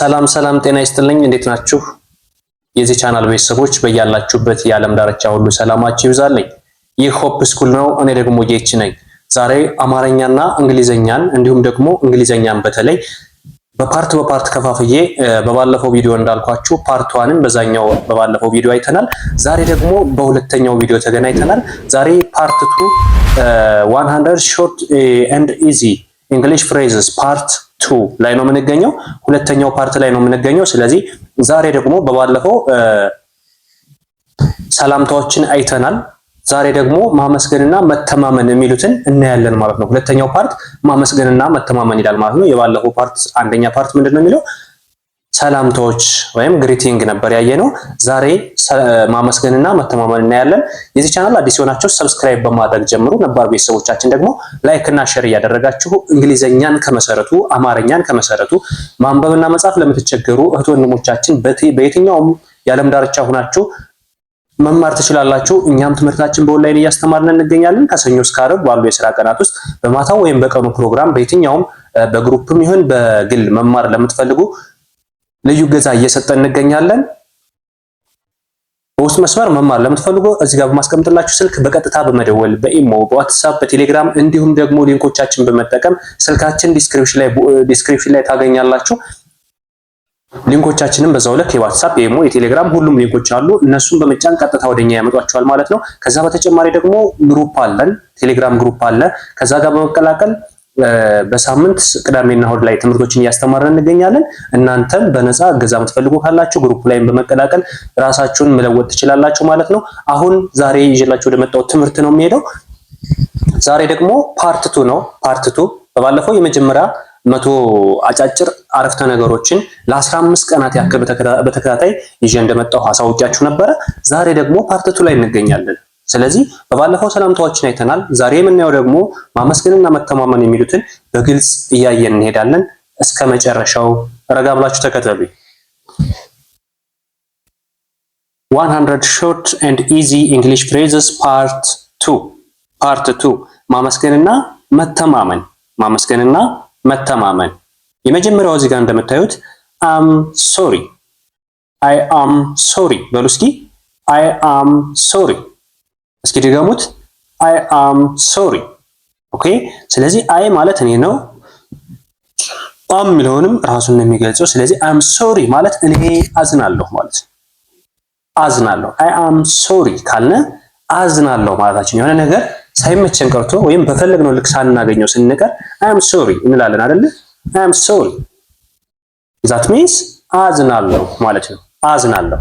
ሰላም ሰላም፣ ጤና ይስጥልኝ። እንዴት ናችሁ? የዚህ ቻናል ቤተሰቦች በያላችሁበት የዓለም ዳርቻ ሁሉ ሰላማችሁ ይብዛልኝ። ይህ ሆፕ ስኩል ነው። እኔ ደግሞ ጌች ነኝ። ዛሬ አማርኛና እንግሊዘኛን እንዲሁም ደግሞ እንግሊዘኛን በተለይ በፓርት በፓርት ከፋፍዬ በባለፈው ቪዲዮ እንዳልኳችሁ ፓርት ዋንም በዛኛው በባለፈው ቪዲዮ አይተናል። ዛሬ ደግሞ በሁለተኛው ቪዲዮ ተገናኝተናል። ዛሬ ፓርት ቱ 100 ሾርት ኤንድ ኢዚ ኢንግሊሽ ፍሬዝስ ፓርት ቱ ላይ ነው የምንገኘው። ሁለተኛው ፓርት ላይ ነው የምንገኘው። ስለዚህ ዛሬ ደግሞ በባለፈው ሰላምታዎችን አይተናል። ዛሬ ደግሞ ማመስገንና መተማመን የሚሉትን እናያለን ማለት ነው። ሁለተኛው ፓርት ማመስገንና መተማመን ይላል ማለት ነው። የባለፈው ፓርት አንደኛ ፓርት ምንድን ነው የሚለው ሰላምታዎች ወይም ግሪቲንግ ነበር ያየ ነው። ዛሬ ማመስገንና መተማመን እናያለን። የዚህ ቻናል አዲስ የሆናችሁ ሰብስክራይብ በማድረግ ጀምሩ። ነባር ቤተሰቦቻችን ደግሞ ላይክ እና ሼር እያደረጋችሁ እንግሊዘኛን ከመሰረቱ አማርኛን ከመሰረቱ ማንበብና መጻፍ ለምትቸገሩ እህት ወንድሞቻችን በየትኛውም የዓለም ዳርቻ ሆናችሁ መማር ትችላላችሁ። እኛም ትምህርታችን በኦንላይን እያስተማርን እንገኛለን። ከሰኞ እስከ ዓርብ ባሉ የስራ ቀናት ውስጥ በማታው ወይም በቀኑ ፕሮግራም በየትኛውም በግሩፕም ይሁን በግል መማር ለምትፈልጉ ልዩ ገዛ እየሰጠን እንገኛለን። በውስጥ መስመር መማር ለምትፈልጉ እዚህ ጋር በማስቀምጥላችሁ ስልክ በቀጥታ በመደወል በኢሞ፣ በዋትሳፕ፣ በቴሌግራም እንዲሁም ደግሞ ሊንኮቻችን በመጠቀም ስልካችን ዲስክሪፕሽን ላይ ዲስክሪፕሽን ላይ ታገኛላችሁ። ሊንኮቻችንም በዛው ልክ የዋትሳፕ፣ የኢሞ፣ የቴሌግራም ሁሉም ሊንኮች አሉ። እነሱን በመጫን ቀጥታ ወደኛ ያመጧቸዋል ማለት ነው። ከዛ በተጨማሪ ደግሞ ግሩፕ አለን፣ ቴሌግራም ግሩፕ አለ። ከዛ ጋር በመቀላቀል በሳምንት ቅዳሜና እሁድ ላይ ትምህርቶችን እያስተማረን እንገኛለን። እናንተም በነፃ እገዛ የምትፈልጉ ካላችሁ ግሩፕ ላይም በመቀላቀል ራሳችሁን መለወጥ ትችላላችሁ ማለት ነው። አሁን ዛሬ ይዤላችሁ ወደመጣው ትምህርት ነው የሚሄደው። ዛሬ ደግሞ ቱ ነው። ቱ በባለፈው የመጀመሪያ መቶ አጫጭር አረፍተ ነገሮችን ለ15 ቀናት ያክል በተከታታይ ይዤ እንደመጣሁ አሳውቂያችሁ ነበረ። ዛሬ ደግሞ ቱ ላይ እንገኛለን። ስለዚህ በባለፈው ሰላምታዎችን አይተናል። ዛሬ የምናየው ደግሞ ማመስገንና መተማመን የሚሉትን በግልጽ እያየን እንሄዳለን። እስከ መጨረሻው ረጋ ብላችሁ ተከተሉ። 100 short and easy English phrases part 2 part 2 ማመስገንና መተማመን ማመስገንና መተማመን የመጀመሪያው እዚህ ጋር እንደምታዩት አም ሶሪ አይ አም ሶሪ በሉ እስኪ አይ አም ሶሪ እስኪ ድገሙት። አይ አም ሶሪ። ኦኬ። ስለዚህ አይ ማለት እኔ ነው። አም የሚለውንም ራሱን ነው የሚገልጸው። ስለዚህ አም ሶሪ ማለት እኔ አዝናለሁ ማለት ነው። አዝናለሁ አይ አም ሶሪ ካልነ አዝናለሁ ማለታችን የሆነ ነገር ሳይመቸን ቀርቶ ወይም በፈለግነው ልክ ሳናገኘው ስንቀር አይ አም ሶሪ እንላለን አይደል? አይ አም ሶሪ ዛት ሚንስ አዝናለሁ ማለት ነው። አዝናለሁ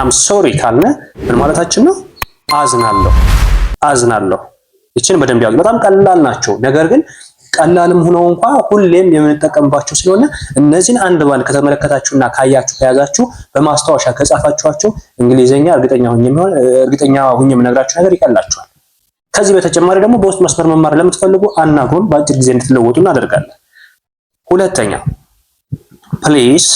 አም ሶሪ ካልነ ምን ማለታችን ነው? አዝናለሁ አዝናለሁ። ይችን በደንብ ያዙ። በጣም ቀላል ናቸው። ነገር ግን ቀላልም ሆነው እንኳ ሁሌም የምንጠቀምባቸው ስለሆነ እነዚህን አንድ ባንድ ከተመለከታችሁና ካያችሁ ከያዛችሁ በማስታወሻ ከጻፋችኋቸው እንግሊዘኛ እርግጠኛ ሁኝ የሚሆን እርግጠኛ ሁኝ የምነግራችሁ ነገር ይቀላችኋል። ከዚህ በተጨማሪ ደግሞ በውስጥ መስመር መማር ለምትፈልጉ አናግሩን። በአጭር ጊዜ እንድትለወጡ እናደርጋለን። ሁለተኛ ፕሊስ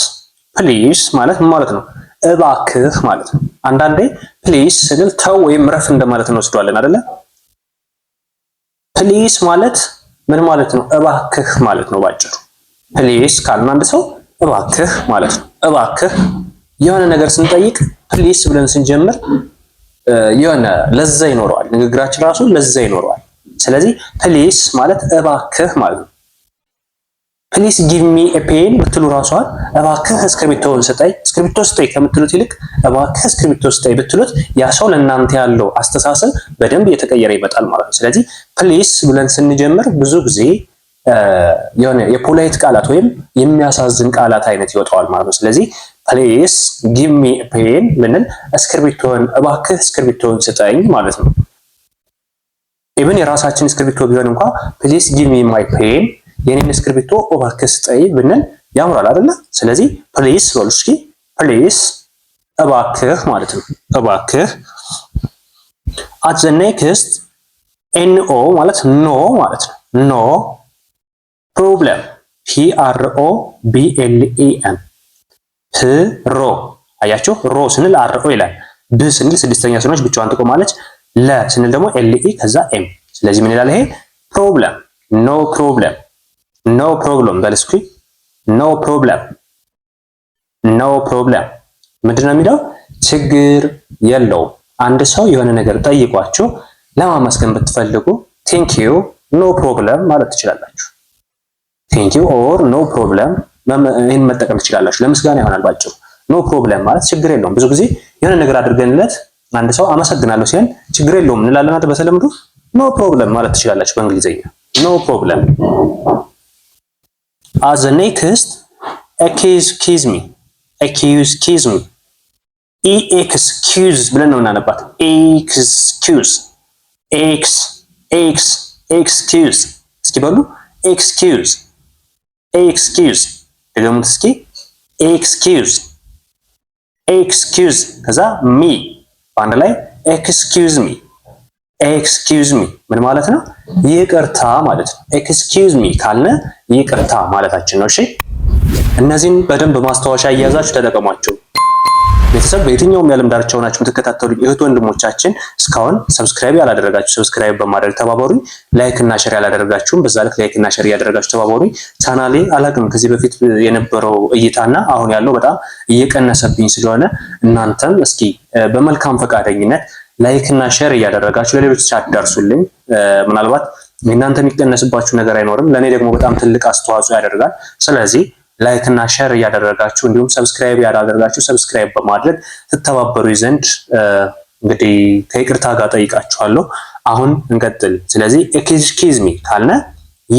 ፕሊስ ማለት ማለት ነው እባክህ ማለት ነው። አንዳንዴ ፕሊስ ስንል ተው ወይም ረፍ እንደማለት እንወስደዋለን አይደለ? ፕሊስ ማለት ምን ማለት ነው? እባክህ ማለት ነው ባጭሩ። ፕሊስ ካልን አንድ ሰው እባክህ ማለት ነው። እባክህ የሆነ ነገር ስንጠይቅ ፕሊስ ብለን ስንጀምር የሆነ ለዛ ይኖረዋል፣ ንግግራችን ራሱ ለዛ ይኖረዋል። ስለዚህ ፕሊስ ማለት እባክህ ማለት ነው። ፕሊስ ጊቭ ሚ ፔን ብትሉ ራሷን እባክህ እስክርቢቶውን ስጠኝ እስክርቢቶ ስጠኝ ከምትሉት ይልቅ እባክህ እስክርቢቶ ስጠኝ ብትሉት ያ ሰው ለእናንተ ያለው አስተሳሰብ በደንብ እየተቀየረ ይመጣል ማለት ነው። ስለዚህ ፕሊስ ብለን ስንጀምር ብዙ ጊዜ የሆነ የፖላይት ቃላት ወይም የሚያሳዝን ቃላት አይነት ይወጣዋል ማለት ነው። ስለዚህ ፕሊስ ጊቭ ሚ ፔን ብንል እስክርቢቶን እባክህ እስክርቢቶን ስጠኝ ማለት ነው። ኢቨን የራሳችን እስክርቢቶ ቢሆን እንኳ ፕሊስ ጊቭ ሚ ማይ ፔን የኔን እስክርቢቶ እባክህ ጠይ ብንል ያምራል አይደለ? ስለዚህ ፕሊስ በሉ እስኪ ፕሊስ፣ እባክህ ማለት ነው። እባክህ አት ዘ ኔክስት ኤንኦ ማለት ኖ ማለት ነው። ኖ ፕሮብለም ፒ አር ኦ ቢ ኤል ኢ ኤም ፕሮ አያችሁ፣ ሮ ስንል አር ኦ ይላል። ብ ስንል ስድስተኛ ስኖች ብቻዋን ትቆማለች። ለ ስንል ደግሞ ኤል ኢ ከዛ ኤም። ስለዚህ ምን ይላል ይሄ? ፕሮብለም ኖ ፕሮብለም ኖ ፕሮብለም በል እስኪ። ኖ ፕሮብለም ኖ ፕሮብለም ምንድን ነው የሚለው? ችግር የለውም። አንድ ሰው የሆነ ነገር ጠይቋችሁ ለማመስገን ብትፈልጉ ቴንክ ዩ ኖ ፕሮብለም ማለት ትችላላችሁ። ቴንክ ዩ ኦር ኖ ፕሮብለም ይህን መጠቀም ትችላላችሁ። ለምስጋና ይሆናል ባጭሩ። ኖ ፕሮብለም ማለት ችግር የለውም። ብዙ ጊዜ የሆነ ነገር አድርገንለት አንድ ሰው አመሰግናለሁ ሲለን ችግር የለውም እንላለን። በተለምዶ ኖ ፕሮብለም ማለት ትችላላችሁ በእንግሊዝኛ ኖ ፕሮብለም አዘ ኔክስት ኤኪዝ ኪዝሚ ኤኪዝ ኪዝሚ ኢኤክስኪዝ ብለን ነው እናነባት። ኤክስኪዝ ኤክስ ኤክስ ኤክስኪዝ እስኪ በሉ ኤክስኪዝ ኤክስኪዝ ደግሞት እስኪ ኤክስኪዝ ኤክስኪዝ ከዛ ሚ በአንድ ላይ ኤክስኪዝ ሚ ኤክስኪውዝ ሚ ምን ማለት ነው? ይቅርታ ማለት ነው። ኤክስኪውዝ ሚ ካልነ ይቅርታ ማለታችን ነው። እሺ እነዚህን በደንብ ማስታወሻ እያያዛችሁ ተጠቀሟቸው። ቤተሰብ በየትኛውም የዓለም ዳርቻ ሆናችሁ የምትከታተሉኝ እህት ወንድሞቻችን እስካሁን ሰብስክራይብ ያላደረጋችሁ ሰብስክራይብ በማድረግ ተባበሩኝ። ላይክ እና ሸር ያላደረጋችሁም በዛ ልክ ላይክ እና ሸር እያደረጋችሁ ተባበሩኝ። ቻናሌ አላቅም ከዚህ በፊት የነበረው እይታና አሁን ያለው በጣም እየቀነሰብኝ ስለሆነ እናንተም እስኪ በመልካም ፈቃደኝነት ላይክ እና ሼር እያደረጋችሁ ለሌሎች ሳትደርሱልኝ ምናልባት እናንተ የሚቀነስባችሁ ነገር አይኖርም፣ ለእኔ ደግሞ በጣም ትልቅ አስተዋጽኦ ያደርጋል። ስለዚህ ላይክ እና ሼር እያደረጋችሁ እንዲሁም ሰብስክራይብ ያላደረጋችሁ ሰብስክራይብ በማድረግ ትተባበሩ ዘንድ እንግዲህ ከይቅርታ ጋር ጠይቃችኋለሁ። አሁን እንቀጥል። ስለዚህ ኤክስኪዝሚ ካልነ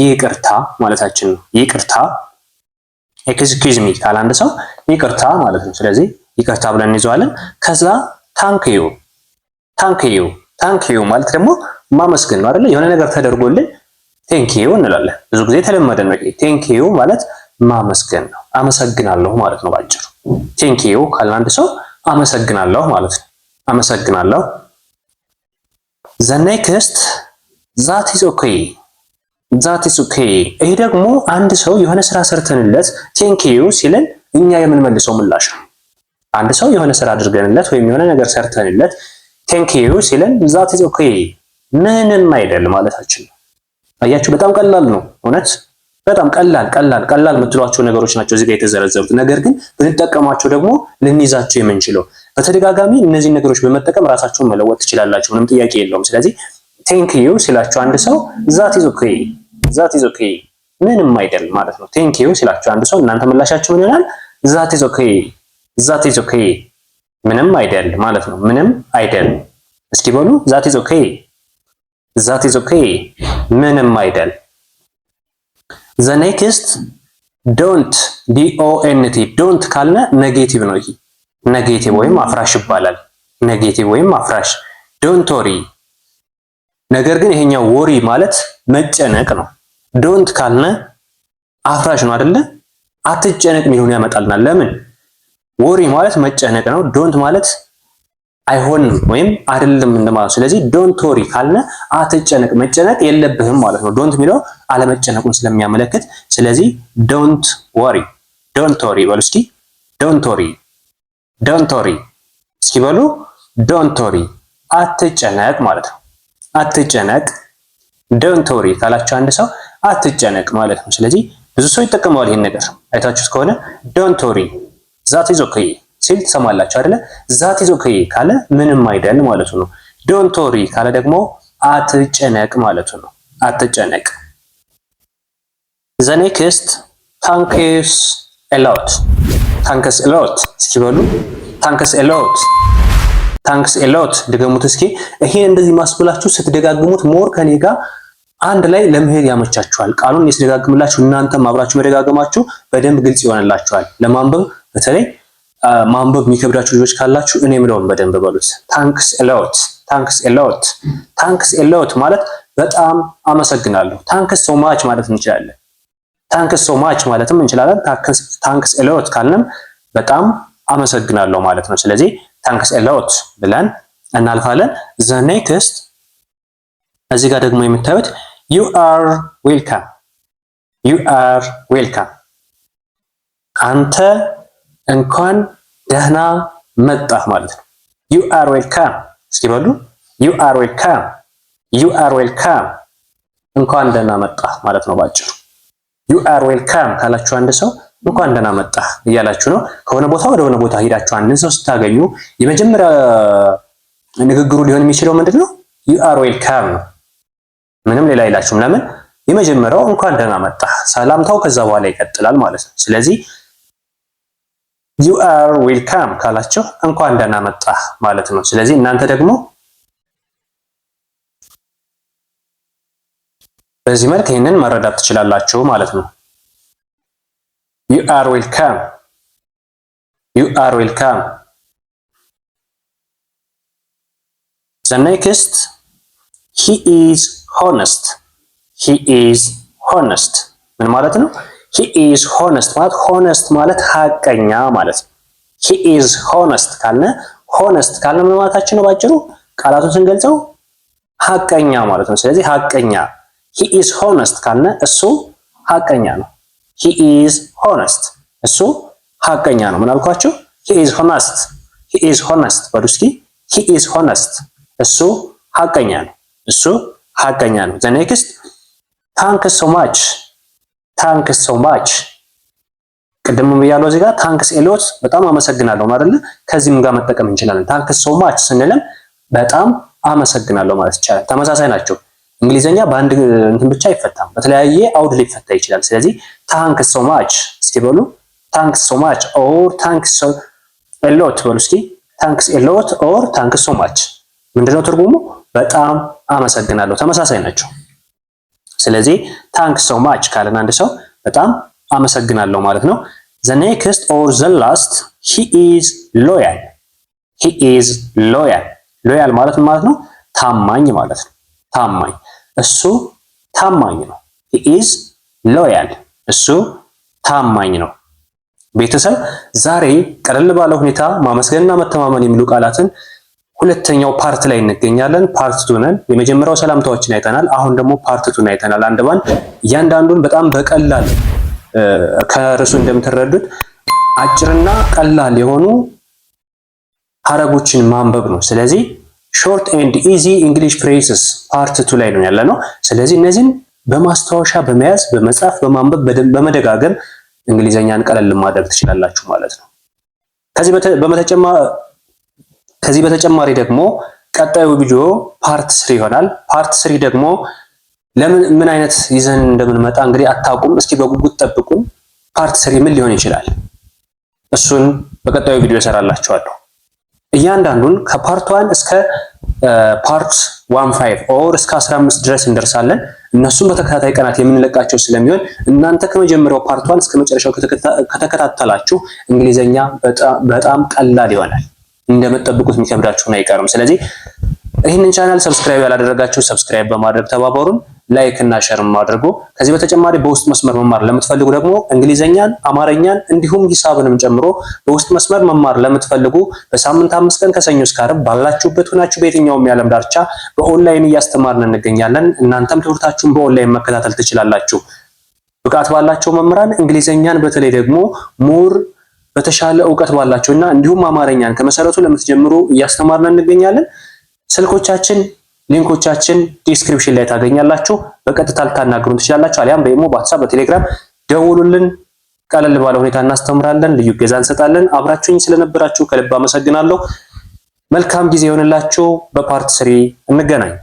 ይቅርታ ማለታችን ነው። ይቅርታ ኤክስኪዝሚ ካለ አንድ ሰው ይቅርታ ማለት ነው። ስለዚህ ይቅርታ ብለን እንይዘዋለን። ከዛ ታንክ ዩ ታንክ ዩ ታንክ ዩ ማለት ደግሞ ማመስገን ነው አይደለ? የሆነ ነገር ተደርጎልን ቴንክ ዩ እንላለን። ብዙ ጊዜ የተለመደ ነው። ቴንክ ዩ ማለት ማመስገን ነው። አመሰግናለሁ ማለት ነው ባጭሩ። ቴንክ ዩ ካለ አንድ ሰው አመሰግናለሁ ማለት ነው። አመሰግናለሁ። ዘ ኔክስት ዛት ኢዝ ኦኬ ዛት ኢዝ ኦኬ። ይሄ ደግሞ አንድ ሰው የሆነ ስራ ሰርተንለት ቴንክ ዩ ሲልን እኛ የምንመልሰው ምላሽ ነው። አንድ ሰው የሆነ ስራ አድርገንለት ወይም የሆነ ነገር ሰርተንለት ቴንክ ዩ ሲለን ዛት ኢዝ ኦኬ ምንም አይደል ማለታችን ነው። አያችሁ፣ በጣም ቀላል ነው። እውነት በጣም ቀላል ቀላል ቀላል የምትሏቸው ነገሮች ናቸው እዚህ ጋር የተዘረዘሩት። ነገር ግን ብንጠቀማቸው ደግሞ ልንይዛቸው የምንችለው በተደጋጋሚ እነዚህን ነገሮች በመጠቀም ራሳቸውን መለወጥ ትችላላችሁ። ምንም ጥያቄ የለውም። ስለዚህ ቴንክ ዩ ሲላችሁ አንድ ሰው ዛት ኢዝ ኦኬ ዛት ኢዝ ኦኬ ምንም አይደል ማለት ነው። ቴንክ ዩ ሲላችሁ አንድ ሰው እናንተ ምላሻችሁ ምን ይሆናል? ዛት ኢዝ ኦኬ ዛት ኢዝ ኦኬ ምንም አይደል ማለት ነው። ምንም አይደል እስኪ በሉ ዛት ኢዝ ኦኬ፣ ዛት ኢዝ ኦኬ። ምንም አይደል። ዘ ኔክስት ዶንት ዲ ኦ ኤን ቲ ዶንት ካልነ ኔጌቲቭ ነው። ይሄ ኔጌቲቭ ወይም አፍራሽ ይባላል። ኔጌቲቭ ወይም አፍራሽ። ዶንት ወሪ ነገር ግን ይሄኛው ወሪ ማለት መጨነቅ ነው። ዶንት ካልነ አፍራሽ ነው አይደለ? አትጨነቅ የሚለውን ያመጣልናል። ለምን ወሪ ማለት መጨነቅ ነው። ዶንት ማለት አይሆንም ወይም አይደለም እንደማለት። ስለዚህ ዶንት ወሪ ካልነ አትጨነቅ፣ መጨነቅ የለብህም ማለት ነው። ዶንት የሚለው አለመጨነቁን ስለሚያመለክት፣ ስለዚህ ዶንት ወሪ፣ ዶንት ወሪ በሉ እስኪ። ዶንት ወሪ፣ ዶንት ወሪ እስኪ በሉ። ዶንት ወሪ አትጨነቅ ማለት ነው። አትጨነቅ ዶንት ወሪ ካላችሁ አንድ ሰው አትጨነቅ ማለት ነው። ስለዚህ ብዙ ሰው ይጠቀመዋል ይህን ነገር አይታችሁት ከሆነ ዶንት ወሪ ዛት ኢዝ ኦኬ ሲል ትሰማላችሁ አይደለ? ዛት ኢዝ ኦኬ ካለ ምንም አይደል ማለቱ ነው። ዶንት ወሪ ካለ ደግሞ አትጨነቅ ማለቱ ነው። አትጨነቅ። ዘ ኔክስት ታንክስ ኤሎት ታንክስ ኤሎት እስኪ ታንክስ ኤሎት ታንክስ ኤሎት ድገሙት እስኪ። ይሄን እንደዚህ ማስብላችሁ ስትደጋግሙት ሞር ከኔ ጋር አንድ ላይ ለመሄድ ያመቻችኋል። ቃሉን የስደጋግምላችሁ እናንተም አብራችሁ መደጋገማችሁ በደንብ ግልጽ ይሆንላችኋል። ለማንበብ በተለይ ማንበብ የሚከብዳችሁ ልጆች ካላችሁ እኔ የምለውን በደንብ በሉት። ታንክስ ኤሎት፣ ታንክስ ኤሎት፣ ታንክስ ኤሎት ማለት በጣም አመሰግናለሁ። ታንክስ ሶማች ማች ማለት እንችላለን። ታንክስ ሶማች ማች ማለትም እንችላለን። ታንክስ ኤሎት ካልንም በጣም አመሰግናለሁ ማለት ነው። ስለዚህ ታንክስ ኤሎት ብለን እናልፋለን። ዘ ኔክስት እዚህ ጋር ደግሞ የምታዩት ዩ አር ዌልካም ዩ አር ዌልካም። አንተ እንኳን ደህና መጣህ ማለት ነው። ዩ አር ዌልካም። እስኪ በሉ ዩ አር ዌልካም፣ ዩ አር ዌልካም። እንኳን ደህና መጣህ ማለት ነው ባጭሩ። ዩ አር ዌልካም ካላችሁ አንድ ሰው እንኳን ደህና መጣህ እያላችሁ ነው። ከሆነ ቦታ ወደ ሆነ ቦታ ሄዳችሁ አንድን ሰው ስታገኙ የመጀመሪያ ንግግሩ ሊሆን የሚችለው ምንድን ነው? ዩ አር ዌልካም ነው። ምንም ሌላ አይላችሁም። ለምን የመጀመሪያው እንኳን ደህና መጣ ሰላምታው ከዛ በኋላ ይቀጥላል ማለት ነው። ስለዚህ ዩ አር ዌልካም ካላችሁ እንኳን ደህና መጣ ማለት ነው። ስለዚህ እናንተ ደግሞ በዚህ መልክ ይህንን መረዳት ትችላላችሁ ማለት ነው። ዩ አር ዌልካም፣ ዩ አር ዌልካም። ዘ ኔክስት ሂ ኢዝ ሆነስት ሂ ኢዝ ሆነስት ምን ማለት ነው? ሂ ኢዝ ሆነስት ማለት ሆነስት ማለት ሀቀኛ ማለት ነው። ሂ ኢዝ ሆነስት ካልነ ሆነስት ካልነ ምን ማለታችን ነው? ባጭሩ ቃላቱን ስንገልጸው ሀቀኛ ማለት ነው። ስለዚህ ሀቀኛ ሂ ኢዝ ሆነስት ካልነ እሱ ሀቀኛ ነው። ሂ ኢዝ ሆነስት እሱ ሀቀኛ ነው። ምን አልኳችሁ? ሂ ኢዝ ሆነስት ሂ ኢዝ ሆነስት በሉ እስኪ ሂ ኢዝ ሆነስት እሱ ሀቀኛ ነው። እሱ ሀቀኛ ነው። ዘ ኔክስት ታንክስ ሶ ማች ታንክስ ሶ ማች ቅድም ብያለሁ እዚህ ጋር ታንክስ ኤሎት በጣም አመሰግናለሁ ማለት ከዚህም ጋር መጠቀም እንችላለን። ታንክስ ሶ ማች ስንልም በጣም አመሰግናለሁ ማለት ይቻላል። ተመሳሳይ ናቸው። እንግሊዘኛ በአንድ እንትን ብቻ አይፈታም፣ በተለያየ አውድ ሊፈታ ይችላል። ስለዚህ ታንክስ ሶ ማች እስቲ በሉ ታንክስ ሶ ማች ኦር ታንክስ ኤሎት በሉ ታንክስ ኤሎት ኦር ታንክስ ሶ ማች ምንድነው ትርጉሙ? በጣም አመሰግናለሁ ተመሳሳይ ናቸው። ስለዚህ ታንክ ሶ ማች ካለን አንድ ሰው በጣም አመሰግናለሁ ማለት ነው። ዘ ኔክስት ኦር ዘ ላስት ሂ ኢዝ ሎያል ሂ ኢዝ ሎያል ሎያል ማለት ማለት ነው ታማኝ ማለት ነው። ታማኝ እሱ ታማኝ ነው። ሂ ኢዝ ሎያል እሱ ታማኝ ነው። ቤተሰብ ዛሬ ቀለል ባለ ሁኔታ ማመስገንና መተማመን የሚሉ ቃላትን ሁለተኛው ፓርት ላይ እንገኛለን። ፓርት ቱ ነን። የመጀመሪያው ሰላምታዎችን አይተናል። አሁን ደግሞ ፓርት ቱን አይተናል። አንድ ባንድ እያንዳንዱን በጣም በቀላል ከርሱ እንደምትረዱት አጭርና ቀላል የሆኑ ሀረጎችን ማንበብ ነው። ስለዚህ ሾርት ኤንድ ኢዚ እንግሊሽ ፍሬዝስ ፓርት ቱ ላይ ነው ያለ ነው። ስለዚህ እነዚህን በማስታወሻ በመያዝ በመጻፍ በማንበብ በመደጋገም እንግሊዘኛን ቀለል ማድረግ ትችላላችሁ ማለት ነው። ከዚህ ከዚህ በተጨማሪ ደግሞ ቀጣዩ ቪዲዮ ፓርት ስሪ ይሆናል። ፓርት ስሪ ደግሞ ለምን ምን አይነት ይዘን እንደምንመጣ እንግዲህ አታውቁም። እስኪ በጉጉት ጠብቁ። ፓርት ስሪ ምን ሊሆን ይችላል? እሱን በቀጣዩ ቪዲዮ እሰራላችኋለሁ። እያንዳንዱን ከፓርት ዋን እስከ ፓርት ዋን ፋይቭ ኦር እስከ 15 ድረስ እንደርሳለን። እነሱም በተከታታይ ቀናት የምንለቃቸው ስለሚሆን እናንተ ከመጀመሪያው ፓርት ዋን እስከ መጨረሻው ከተከታተላችሁ እንግሊዘኛ በጣም ቀላል ይሆናል። እንደምትጠብቁት የሚከብዳችሁን አይቀርም። ስለዚህ ይህንን ቻናል ሰብስክራይብ ያላደረጋችሁ ሰብስክራይብ በማድረግ ተባበሩን። ላይክ እና ሸርም አድርጎ ከዚህ በተጨማሪ በውስጥ መስመር መማር ለምትፈልጉ ደግሞ እንግሊዘኛን፣ አማርኛን እንዲሁም ሂሳብንም ጨምሮ በውስጥ መስመር መማር ለምትፈልጉ በሳምንት አምስት ቀን ከሰኞ እስከ ዓርብ ባላችሁበት ሆናችሁ በየትኛውም የዓለም ዳርቻ በኦንላይን እያስተማርን እንገኛለን። እናንተም ትምህርታችሁን በኦንላይን መከታተል ትችላላችሁ። ብቃት ባላቸው መምህራን እንግሊዘኛን በተለይ ደግሞ ሙር በተሻለ እውቀት ባላችሁ እና እንዲሁም አማርኛን ከመሰረቱ ለምትጀምሩ እያስተማርን እንገኛለን። ስልኮቻችን፣ ሊንኮቻችን ዲስክሪፕሽን ላይ ታገኛላችሁ። በቀጥታ ልታናግሩን ትችላላችሁ። አሊያም በኢሞ፣ በዋትሳፕ፣ በቴሌግራም ደውሉልን። ቀለል ባለ ሁኔታ እናስተምራለን። ልዩ ገዛ እንሰጣለን። አብራችሁኝ ስለነበራችሁ ከልብ አመሰግናለሁ። መልካም ጊዜ ይሆንላችሁ። በፓርት ስሪ እንገናኝ።